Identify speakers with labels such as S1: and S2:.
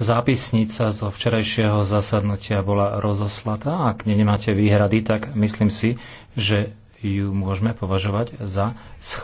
S1: Zápisnica zo včerajšieho zasadnutia bola rozoslatá. Ak nemáte výhrady, tak myslím si, že ju môžeme považovať za schválenú.